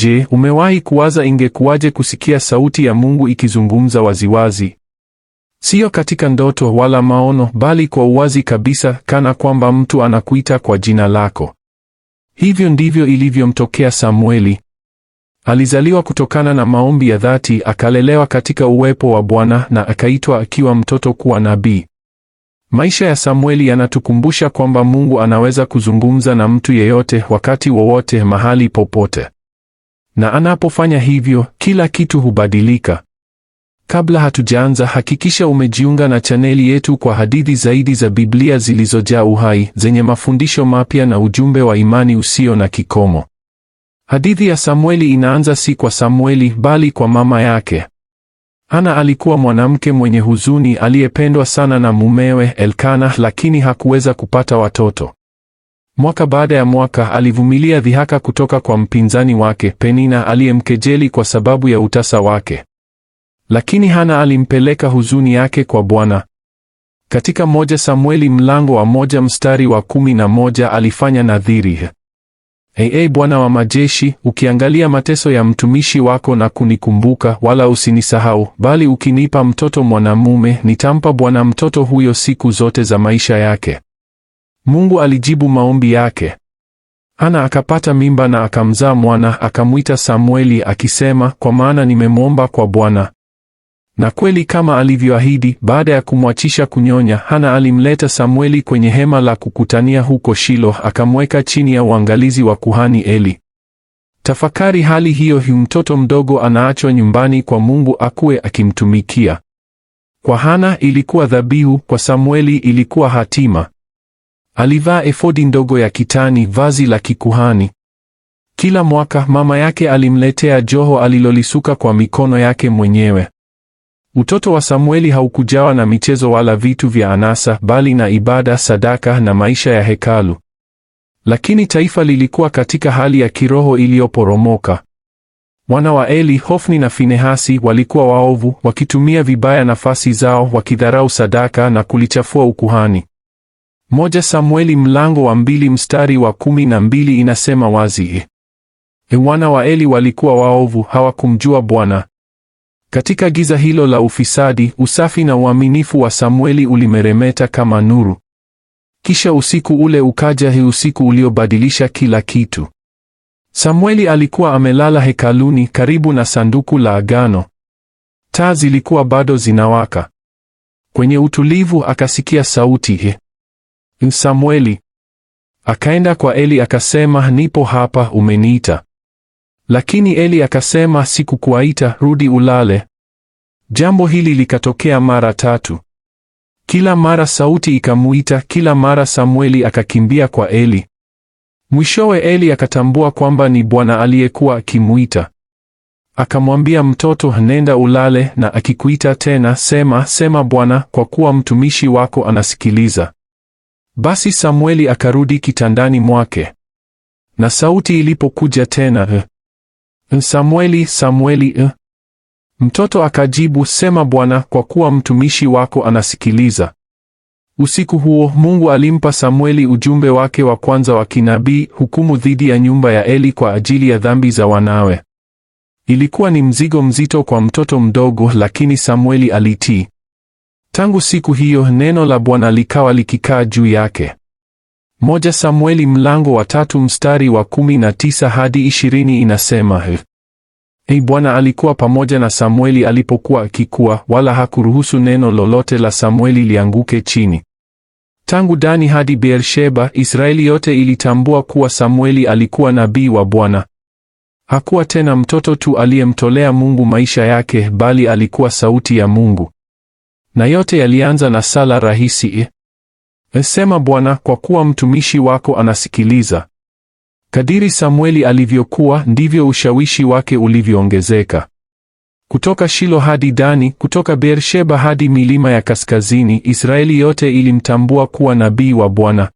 Je, umewahi kuwaza ingekuwaje kusikia sauti ya Mungu ikizungumza waziwazi? Sio katika ndoto wala maono, bali kwa uwazi kabisa, kana kwamba mtu anakuita kwa jina lako. Hivyo ndivyo ilivyomtokea Samueli. Alizaliwa kutokana na maombi ya dhati, akalelewa katika uwepo wa Bwana na akaitwa akiwa mtoto kuwa nabii. Maisha ya Samueli yanatukumbusha kwamba Mungu anaweza kuzungumza na mtu yeyote, wakati wowote, mahali popote. Na anapofanya hivyo, kila kitu hubadilika. Kabla hatujaanza, hakikisha umejiunga na chaneli yetu kwa hadithi zaidi za Biblia zilizojaa uhai, zenye mafundisho mapya na ujumbe wa imani usio na kikomo. Hadithi ya Samueli inaanza si kwa Samueli bali kwa mama yake. Hana alikuwa mwanamke mwenye huzuni aliyependwa sana na mumewe Elkana, lakini hakuweza kupata watoto. Mwaka baada ya mwaka alivumilia dhihaka kutoka kwa mpinzani wake Penina aliyemkejeli kwa sababu ya utasa wake. Lakini Hana alimpeleka huzuni yake kwa Bwana. Katika moja Samueli mlango wa moja mstari wa kumi na moja alifanya nadhiri. Ee hey, ee, hey, Bwana wa majeshi, ukiangalia mateso ya mtumishi wako na kunikumbuka, wala usinisahau, bali ukinipa mtoto mwanamume, nitampa Bwana mtoto huyo siku zote za maisha yake. Mungu alijibu maombi yake. Hana akapata mimba na akamzaa mwana, akamwita Samueli akisema, kwa maana nimemwomba kwa Bwana. Na kweli kama alivyoahidi, baada ya kumwachisha kunyonya, Hana alimleta Samueli kwenye hema la kukutania huko Shilo, akamweka chini ya uangalizi wa kuhani Eli. Tafakari hali hiyo, hi, mtoto mdogo anaachwa nyumbani kwa Mungu akuwe akimtumikia. Kwa Hana ilikuwa dhabihu, kwa Samueli ilikuwa hatima. Alivaa efodi ndogo ya kitani, vazi la kikuhani. Kila mwaka mama yake alimletea joho alilolisuka kwa mikono yake mwenyewe. Utoto wa Samueli haukujawa na michezo wala vitu vya anasa, bali na ibada, sadaka na maisha ya hekalu. Lakini taifa lilikuwa katika hali ya kiroho iliyoporomoka. Wana wa Eli, Hofni na Finehasi, walikuwa waovu, wakitumia vibaya nafasi zao, wakidharau sadaka na kulichafua ukuhani. Moja Samueli mlango wa mbili mstari wa kumi na mbili inasema wazi, e wana wa Eli walikuwa waovu, hawakumjua Bwana. Katika giza hilo la ufisadi, usafi na uaminifu wa Samueli ulimeremeta kama nuru. Kisha usiku ule ukaja, hii usiku uliobadilisha kila kitu. Samueli alikuwa amelala hekaluni karibu na sanduku la agano. Taa zilikuwa bado zinawaka. Kwenye utulivu akasikia sauti. Samueli akaenda kwa Eli akasema, nipo hapa, umeniita. Lakini Eli akasema, sikukuaita, rudi ulale. Jambo hili likatokea mara tatu. Kila mara sauti ikamuita, kila mara Samueli akakimbia kwa Eli. Mwishowe Eli akatambua kwamba ni Bwana aliyekuwa akimuita. Akamwambia mtoto, nenda ulale, na akikuita tena sema, sema Bwana, kwa kuwa mtumishi wako anasikiliza. Basi Samueli akarudi kitandani mwake, na sauti ilipokuja tena, eh, eh, Samueli, Samueli, eh. mtoto akajibu, sema Bwana, kwa kuwa mtumishi wako anasikiliza. Usiku huo Mungu alimpa Samueli ujumbe wake wa kwanza wa kinabii, hukumu dhidi ya nyumba ya Eli kwa ajili ya dhambi za wanawe. Ilikuwa ni mzigo mzito kwa mtoto mdogo, lakini Samueli alitii. Tangu siku hiyo neno la Bwana likawa likikaa juu yake. Moja Samueli mlango wa tatu mstari wa kumi na tisa hadi ishirini inasema Ei, ee Bwana alikuwa pamoja na Samueli alipokuwa akikua, wala hakuruhusu neno lolote la Samueli lianguke chini. Tangu Dani hadi Beersheba, Israeli yote ilitambua kuwa Samueli alikuwa nabii wa Bwana. Hakuwa tena mtoto tu aliyemtolea Mungu maisha yake, bali alikuwa sauti ya Mungu na yote yalianza na sala rahisi. Sema Bwana, kwa kuwa mtumishi wako anasikiliza. Kadiri Samueli alivyokuwa, ndivyo ushawishi wake ulivyoongezeka. Kutoka Shilo hadi Dani, kutoka Beersheba hadi milima ya kaskazini, Israeli yote ilimtambua kuwa nabii wa Bwana.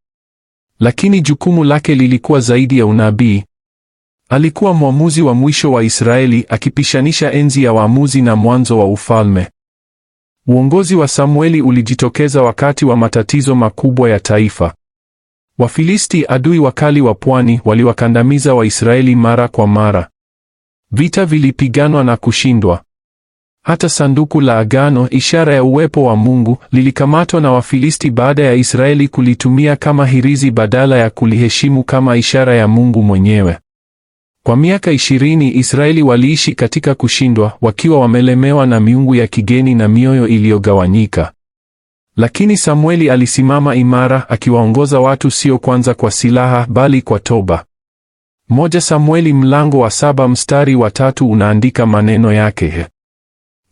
Lakini jukumu lake lilikuwa zaidi ya unabii. Alikuwa mwamuzi wa mwisho wa Israeli, akipishanisha enzi ya waamuzi na mwanzo wa ufalme. Uongozi wa Samueli ulijitokeza wakati wa matatizo makubwa ya taifa. Wafilisti, adui wakali wa pwani, waliwakandamiza Waisraeli mara kwa mara. Vita vilipiganwa na kushindwa. Hata sanduku la agano, ishara ya uwepo wa Mungu, lilikamatwa na Wafilisti baada ya Israeli kulitumia kama hirizi badala ya kuliheshimu kama ishara ya Mungu mwenyewe. Kwa miaka ishirini Israeli waliishi katika kushindwa, wakiwa wamelemewa na miungu ya kigeni na mioyo iliyogawanyika. Lakini Samueli alisimama imara, akiwaongoza watu sio kwanza kwa silaha, bali kwa toba. Moja Samueli mlango wa saba mstari wa tatu unaandika maneno yake.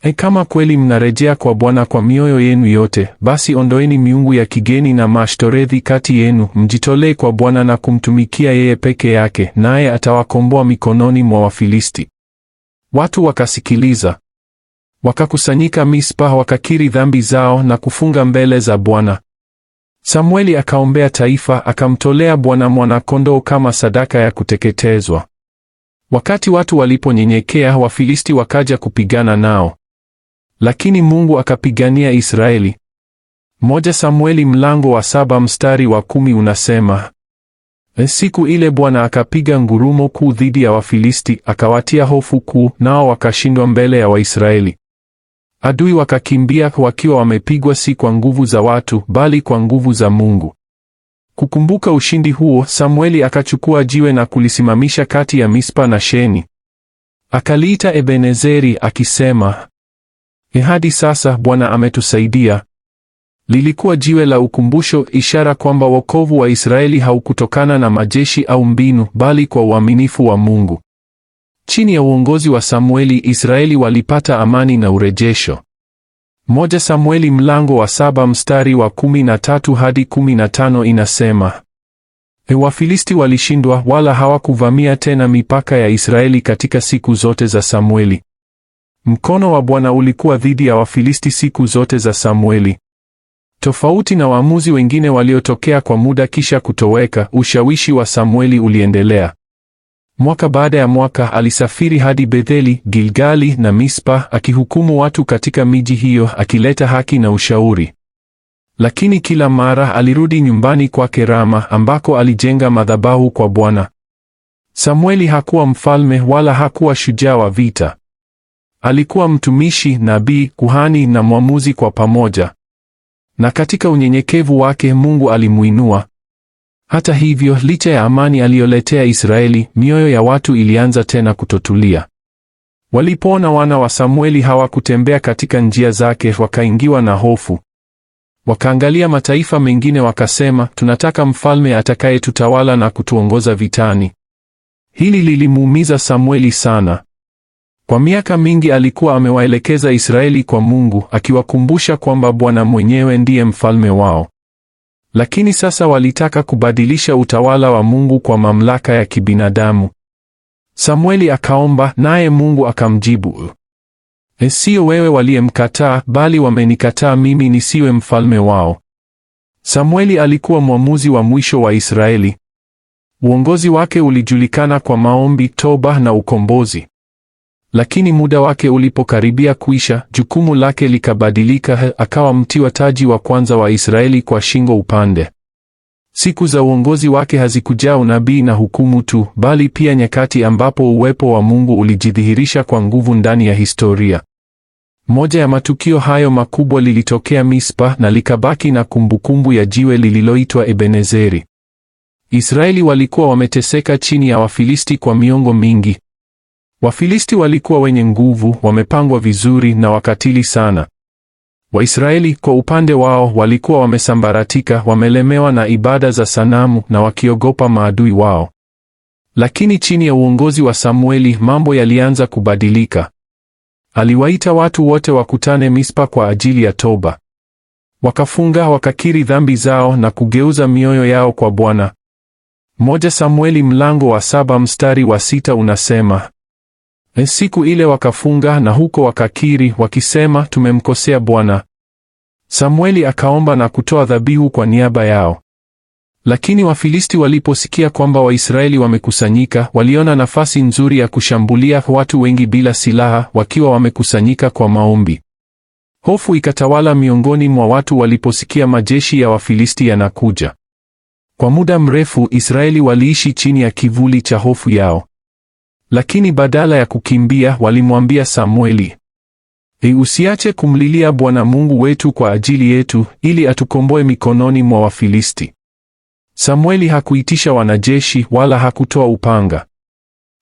E, kama kweli mnarejea kwa Bwana kwa mioyo yenu yote, basi ondoeni miungu ya kigeni na mashtorethi kati yenu, mjitolee kwa Bwana na kumtumikia yeye peke yake, naye atawakomboa mikononi mwa Wafilisti. Watu wakasikiliza. Wakakusanyika Mispa, wakakiri dhambi zao na kufunga mbele za Bwana. Samueli akaombea taifa, akamtolea Bwana mwanakondoo kama sadaka ya kuteketezwa. Wakati watu waliponyenyekea, Wafilisti wakaja kupigana nao. Lakini Mungu akapigania Israeli. Moja Samueli mlango wa saba mstari wa kumi unasema e, Siku ile Bwana akapiga ngurumo kuu dhidi ya Wafilisti, akawatia hofu kuu, nao wakashindwa mbele ya Waisraeli. Adui wakakimbia wakiwa wamepigwa, si kwa nguvu za watu, bali kwa nguvu za Mungu. Kukumbuka ushindi huo, Samueli akachukua jiwe na kulisimamisha kati ya Mispa na Sheni. Akaliita Ebenezeri akisema, ni hadi sasa Bwana ametusaidia. Lilikuwa jiwe la ukumbusho, ishara kwamba wokovu wa Israeli haukutokana na majeshi au mbinu, bali kwa uaminifu wa Mungu. Chini ya uongozi wa Samueli, Israeli walipata amani na urejesho. Moja Samueli mlango wa saba mstari wa kumi na tatu hadi kumi na tano inasema e Wafilisti walishindwa wala hawakuvamia tena mipaka ya Israeli katika siku zote za Samueli. Mkono wa Bwana ulikuwa dhidi ya Wafilisti siku zote za Samueli. Tofauti na waamuzi wengine waliotokea kwa muda kisha kutoweka, ushawishi wa Samueli uliendelea. Mwaka baada ya mwaka alisafiri hadi Betheli, Gilgali na Mispa, akihukumu watu katika miji hiyo, akileta haki na ushauri. Lakini kila mara alirudi nyumbani kwake Rama, ambako alijenga madhabahu kwa Bwana. Samueli hakuwa mfalme wala hakuwa shujaa wa vita. Alikuwa mtumishi, nabii, kuhani na mwamuzi kwa pamoja, na katika unyenyekevu wake Mungu alimuinua. Hata hivyo, licha ya amani aliyoletea Israeli, mioyo ya watu ilianza tena kutotulia. Walipoona wana wa Samueli hawakutembea katika njia zake, wakaingiwa na hofu. Wakaangalia mataifa mengine wakasema, tunataka mfalme atakayetutawala na kutuongoza vitani. Hili lilimuumiza Samueli sana. Kwa miaka mingi alikuwa amewaelekeza Israeli kwa Mungu, akiwakumbusha kwamba Bwana mwenyewe ndiye mfalme wao. Lakini sasa walitaka kubadilisha utawala wa Mungu kwa mamlaka ya kibinadamu. Samueli akaomba, naye Mungu akamjibu, e, sio wewe waliyemkataa, bali wamenikataa mimi nisiwe mfalme wao. Samueli alikuwa mwamuzi wa mwisho wa Israeli. Uongozi wake ulijulikana kwa maombi, toba na ukombozi. Lakini muda wake ulipokaribia kuisha, jukumu lake likabadilika, akawa mtiwa taji wa kwanza wa Israeli kwa shingo upande. Siku za uongozi wake hazikujaa unabii na hukumu tu, bali pia nyakati ambapo uwepo wa Mungu ulijidhihirisha kwa nguvu ndani ya historia. Moja ya matukio hayo makubwa lilitokea Mispa na likabaki na kumbukumbu ya jiwe lililoitwa Ebenezeri. Israeli walikuwa wameteseka chini ya Wafilisti kwa miongo mingi, Wafilisti walikuwa wenye nguvu, wamepangwa vizuri na wakatili sana. Waisraeli kwa upande wao walikuwa wamesambaratika, wamelemewa na ibada za sanamu na wakiogopa maadui wao. Lakini chini ya uongozi wa Samueli mambo yalianza kubadilika. Aliwaita watu wote wakutane Mispa kwa ajili ya toba. Wakafunga, wakakiri dhambi zao na kugeuza mioyo yao kwa Bwana. Moja Samueli mlango wa saba mstari wa sita unasema Eh, siku ile wakafunga na huko wakakiri wakisema, tumemkosea Bwana. Samueli akaomba na kutoa dhabihu kwa niaba yao. Lakini Wafilisti waliposikia kwamba Waisraeli wamekusanyika, waliona nafasi nzuri ya kushambulia watu wengi bila silaha, wakiwa wamekusanyika kwa maombi. Hofu ikatawala miongoni mwa watu waliposikia majeshi ya Wafilisti yanakuja. Kwa muda mrefu Israeli waliishi chini ya kivuli cha hofu yao. Lakini badala ya kukimbia walimwambia Samueli, E, usiache kumlilia Bwana Mungu wetu kwa ajili yetu ili atukomboe mikononi mwa Wafilisti. Samueli hakuitisha wanajeshi wala hakutoa upanga,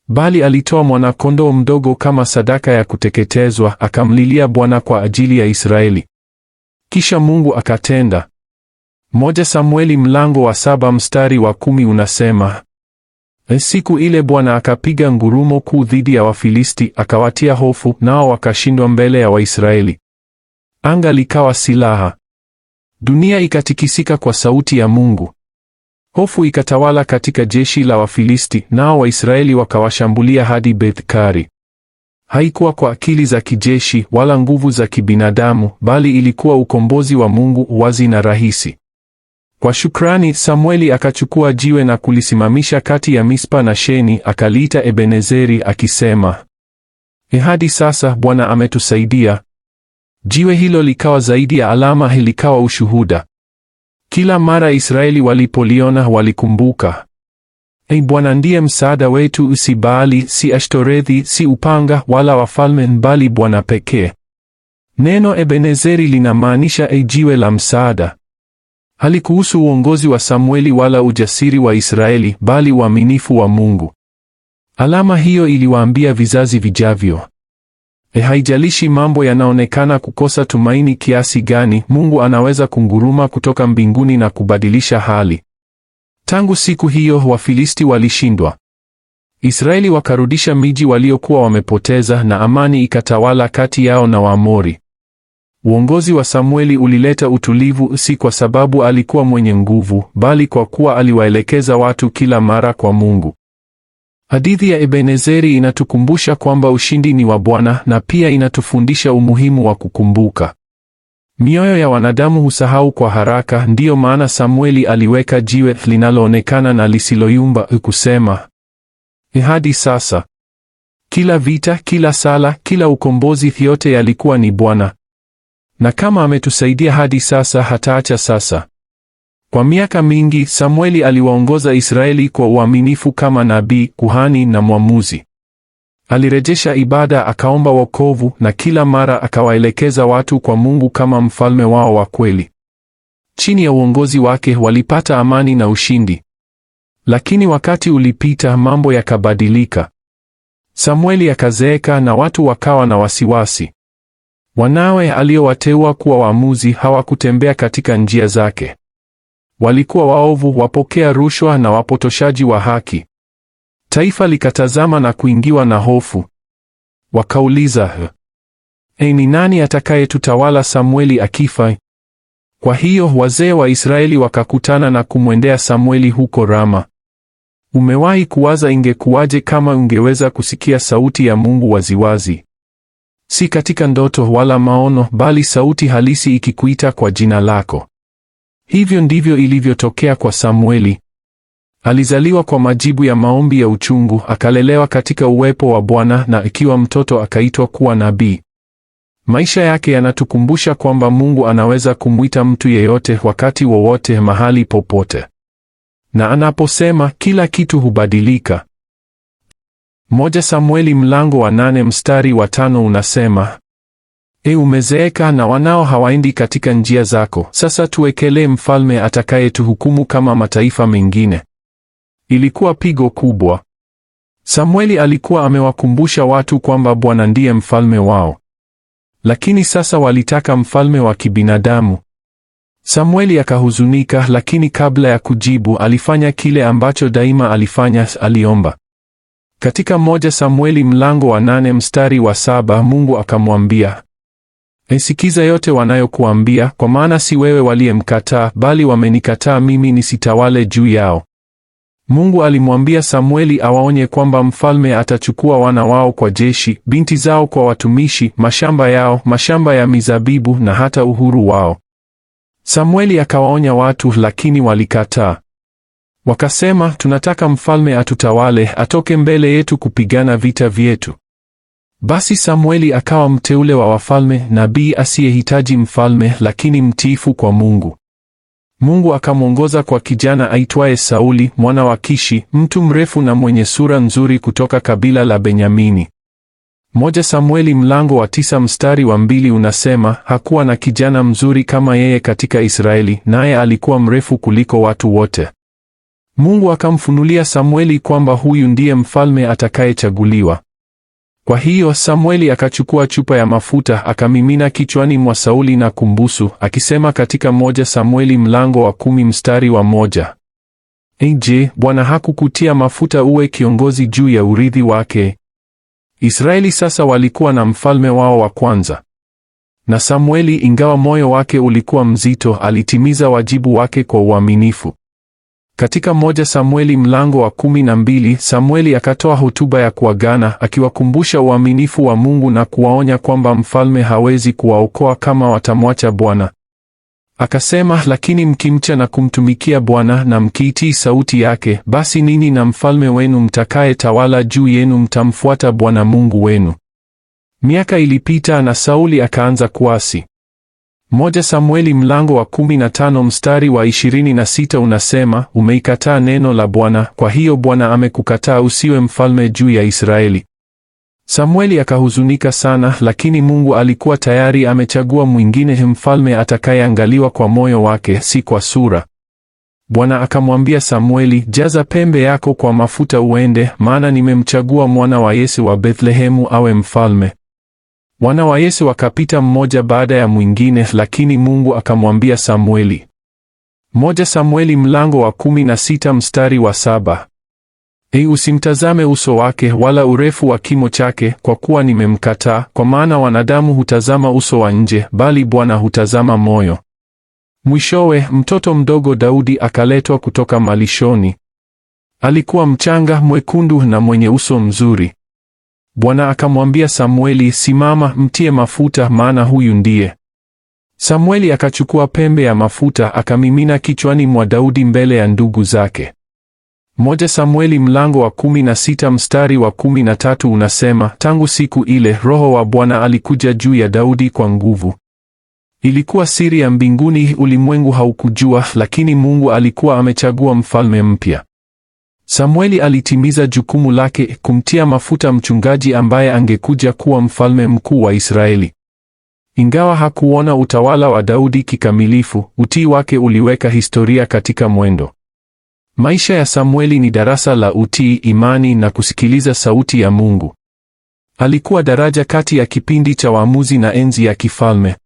bali alitoa mwanakondoo mdogo kama sadaka ya kuteketezwa, akamlilia Bwana kwa ajili ya Israeli. Kisha Mungu akatenda. Moja Samueli mlango wa saba mstari wa kumi unasema, Eh, siku ile Bwana akapiga ngurumo kuu dhidi ya Wafilisti, akawatia hofu, nao wakashindwa mbele ya Waisraeli. Anga likawa silaha, dunia ikatikisika kwa sauti ya Mungu. Hofu ikatawala katika jeshi la Wafilisti, nao Waisraeli wakawashambulia hadi Bethkari. Haikuwa kwa akili za kijeshi wala nguvu za kibinadamu, bali ilikuwa ukombozi wa Mungu wazi na rahisi. Kwa shukrani, Samueli akachukua jiwe na kulisimamisha kati ya Mispa na Sheni, akaliita Ebenezeri akisema, e, hadi sasa Bwana ametusaidia. Jiwe hilo likawa zaidi ya alama, likawa ushuhuda. Kila mara Israeli walipoliona walikumbuka, Ei Bwana ndiye msaada wetu, si Baali, si Ashtorethi, si upanga wala wafalme, bali Bwana pekee. Neno Ebenezeri linamaanisha ei, jiwe la msaada. Halikuhusu uongozi wa Samueli wala ujasiri wa Israeli, bali uaminifu wa Mungu. Alama hiyo iliwaambia vizazi vijavyo, e, haijalishi mambo yanaonekana kukosa tumaini kiasi gani, Mungu anaweza kunguruma kutoka mbinguni na kubadilisha hali. Tangu siku hiyo Wafilisti walishindwa. Israeli wakarudisha miji waliokuwa wamepoteza na amani ikatawala kati yao na Waamori. Uongozi wa Samueli ulileta utulivu, si kwa sababu alikuwa mwenye nguvu, bali kwa kuwa aliwaelekeza watu kila mara kwa Mungu. Hadithi ya Ebenezeri inatukumbusha kwamba ushindi ni wa Bwana na pia inatufundisha umuhimu wa kukumbuka. Mioyo ya wanadamu husahau kwa haraka, ndiyo maana Samueli aliweka jiwe linaloonekana na lisiloyumba kusema, e, hadi sasa. Kila vita, kila sala, kila ukombozi, yote yalikuwa ni Bwana na kama ametusaidia hadi sasa, hataacha sasa. Kwa miaka mingi Samueli aliwaongoza Israeli kwa uaminifu kama nabii, kuhani na mwamuzi. Alirejesha ibada, akaomba wokovu, na kila mara akawaelekeza watu kwa Mungu kama mfalme wao wa kweli. Chini ya uongozi wake walipata amani na ushindi. Lakini wakati ulipita, mambo yakabadilika. Samueli akazeeka na watu wakawa na wasiwasi. Wanawe aliowateua kuwa waamuzi hawakutembea katika njia zake. Walikuwa waovu, wapokea rushwa na wapotoshaji wa haki. Taifa likatazama na kuingiwa na hofu. Wakauliza, e, ni nani atakayetutawala Samueli akifa? Kwa hiyo wazee wa Israeli wakakutana na kumwendea Samueli huko Rama. Umewahi kuwaza ingekuwaje kama ungeweza kusikia sauti ya Mungu waziwazi? si katika ndoto wala maono, bali sauti halisi ikikuita kwa jina lako. Hivyo ndivyo ilivyotokea kwa Samueli. Alizaliwa kwa majibu ya maombi ya uchungu, akalelewa katika uwepo wa Bwana na ikiwa mtoto akaitwa kuwa nabii. Maisha yake yanatukumbusha kwamba Mungu anaweza kumwita mtu yeyote wakati wowote mahali popote. Na anaposema kila kitu hubadilika. Moja Samueli mlango wa nane mstari wa tano unasema E, umezeeka na wanao hawaendi katika njia zako, sasa tuwekelee mfalme atakayetuhukumu kama mataifa mengine. Ilikuwa pigo kubwa. Samueli alikuwa amewakumbusha watu kwamba Bwana ndiye mfalme wao, lakini sasa walitaka mfalme wa kibinadamu. Samueli akahuzunika, lakini kabla ya kujibu alifanya kile ambacho daima alifanya, aliomba. Katika moja Samueli mlango wa nane mstari wa saba Mungu akamwambia, Nisikiza yote wanayokuambia, kwa maana si wewe waliyemkataa, bali wamenikataa mimi nisitawale juu yao. Mungu alimwambia Samueli awaonye kwamba mfalme atachukua wana wao kwa jeshi, binti zao kwa watumishi, mashamba yao, mashamba ya mizabibu na hata uhuru wao. Samueli akawaonya watu, lakini walikataa. Wakasema, tunataka mfalme atutawale, atoke mbele yetu kupigana vita vyetu. Basi Samueli akawa mteule wa wafalme, nabii asiyehitaji mfalme, lakini mtiifu kwa Mungu. Mungu akamwongoza kwa kijana aitwaye Sauli mwana wa Kishi, mtu mrefu na mwenye sura nzuri kutoka kabila la Benyamini. Moja Samueli mlango wa tisa mstari wa mbili unasema, hakuwa na kijana mzuri kama yeye katika Israeli, naye alikuwa mrefu kuliko watu wote. Mungu akamfunulia Samueli kwamba huyu ndiye mfalme atakayechaguliwa. Kwa hiyo Samueli akachukua chupa ya mafuta akamimina kichwani mwa Sauli na kumbusu, akisema katika moja Samueli mlango wa kumi mstari wa moja ee Je, Bwana hakukutia mafuta uwe kiongozi juu ya urithi wake? Israeli sasa walikuwa na mfalme wao wa kwanza. Na Samueli, ingawa moyo wake ulikuwa mzito, alitimiza wajibu wake kwa uaminifu. Katika moja Samueli mlango wa kumi na mbili, Samueli akatoa hotuba ya kuagana akiwakumbusha uaminifu wa Mungu na kuwaonya kwamba mfalme hawezi kuwaokoa kama watamwacha Bwana. Akasema, lakini mkimcha na kumtumikia Bwana na mkiitii sauti yake, basi ninyi na mfalme wenu mtakayetawala juu yenu mtamfuata Bwana Mungu wenu. Miaka ilipita na Sauli akaanza kuasi. Moja Samueli mlango wa 15 mstari wa 26 unasema, umeikataa neno la Bwana, kwa hiyo Bwana amekukataa usiwe mfalme juu ya Israeli. Samueli akahuzunika sana, lakini Mungu alikuwa tayari amechagua mwingine mfalme atakayeangaliwa kwa moyo wake, si kwa sura. Bwana akamwambia Samueli, jaza pembe yako kwa mafuta uende, maana nimemchagua mwana wa Yese wa Bethlehemu awe mfalme. Wana wa Yese wakapita mmoja baada ya mwingine, lakini Mungu akamwambia Samueli. Moja Samueli mlango wa kumi na sita mstari wa saba. Ei, usimtazame uso wake wala urefu wa kimo chake, kwa kuwa nimemkataa, kwa maana wanadamu hutazama uso wa nje, bali Bwana hutazama moyo. Mwishowe mtoto mdogo Daudi akaletwa kutoka malishoni. Alikuwa mchanga mwekundu na mwenye uso mzuri. Bwana akamwambia Samueli, simama, mtie mafuta, maana huyu ndiye. Samueli akachukua pembe ya mafuta akamimina kichwani mwa Daudi mbele ya ndugu zake. Moja Samueli mlango wa kumi na sita mstari wa kumi na tatu unasema, tangu siku ile Roho wa Bwana alikuja juu ya Daudi kwa nguvu. Ilikuwa siri ya mbinguni, ulimwengu haukujua, lakini Mungu alikuwa amechagua mfalme mpya. Samueli alitimiza jukumu lake kumtia mafuta mchungaji ambaye angekuja kuwa mfalme mkuu wa Israeli. Ingawa hakuona utawala wa Daudi kikamilifu, utii wake uliweka historia katika mwendo. Maisha ya Samueli ni darasa la utii, imani na kusikiliza sauti ya Mungu. Alikuwa daraja kati ya kipindi cha waamuzi na enzi ya kifalme.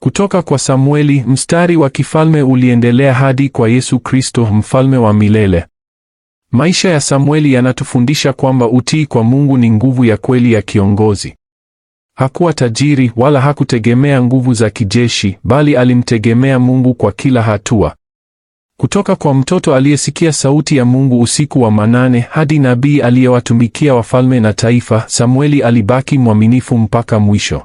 Kutoka kwa Samueli, mstari wa kifalme uliendelea hadi kwa Yesu Kristo, mfalme wa milele. Maisha ya Samueli yanatufundisha kwamba utii kwa Mungu ni nguvu ya kweli ya kiongozi. Hakuwa tajiri wala hakutegemea nguvu za kijeshi, bali alimtegemea Mungu kwa kila hatua. Kutoka kwa mtoto aliyesikia sauti ya Mungu usiku wa manane hadi nabii aliyewatumikia wafalme na taifa, Samueli alibaki mwaminifu mpaka mwisho.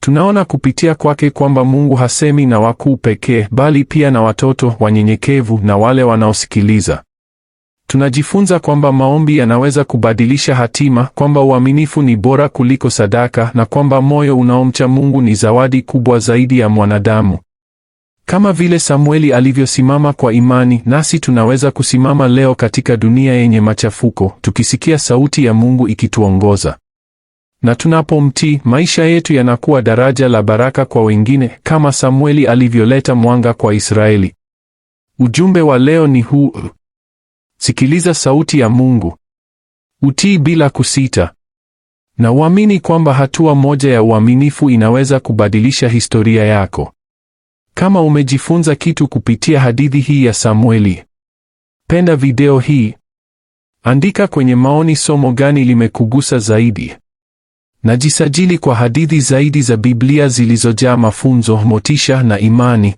Tunaona kupitia kwake kwamba Mungu hasemi na wakuu pekee, bali pia na watoto wanyenyekevu na wale wanaosikiliza. Tunajifunza kwamba maombi yanaweza kubadilisha hatima, kwamba uaminifu ni bora kuliko sadaka, na kwamba moyo unaomcha Mungu ni zawadi kubwa zaidi ya mwanadamu. Kama vile Samueli alivyosimama kwa imani, nasi tunaweza kusimama leo katika dunia yenye machafuko, tukisikia sauti ya Mungu ikituongoza. Na tunapomtii, maisha yetu yanakuwa daraja la baraka kwa wengine, kama Samueli alivyoleta mwanga kwa Israeli. Ujumbe wa leo ni huu. Sikiliza sauti ya Mungu, utii bila kusita, na uamini kwamba hatua moja ya uaminifu inaweza kubadilisha historia yako. Kama umejifunza kitu kupitia hadithi hii ya Samueli, penda video hii, andika kwenye maoni somo gani limekugusa zaidi, na jisajili kwa hadithi zaidi za Biblia zilizojaa mafunzo, motisha na imani.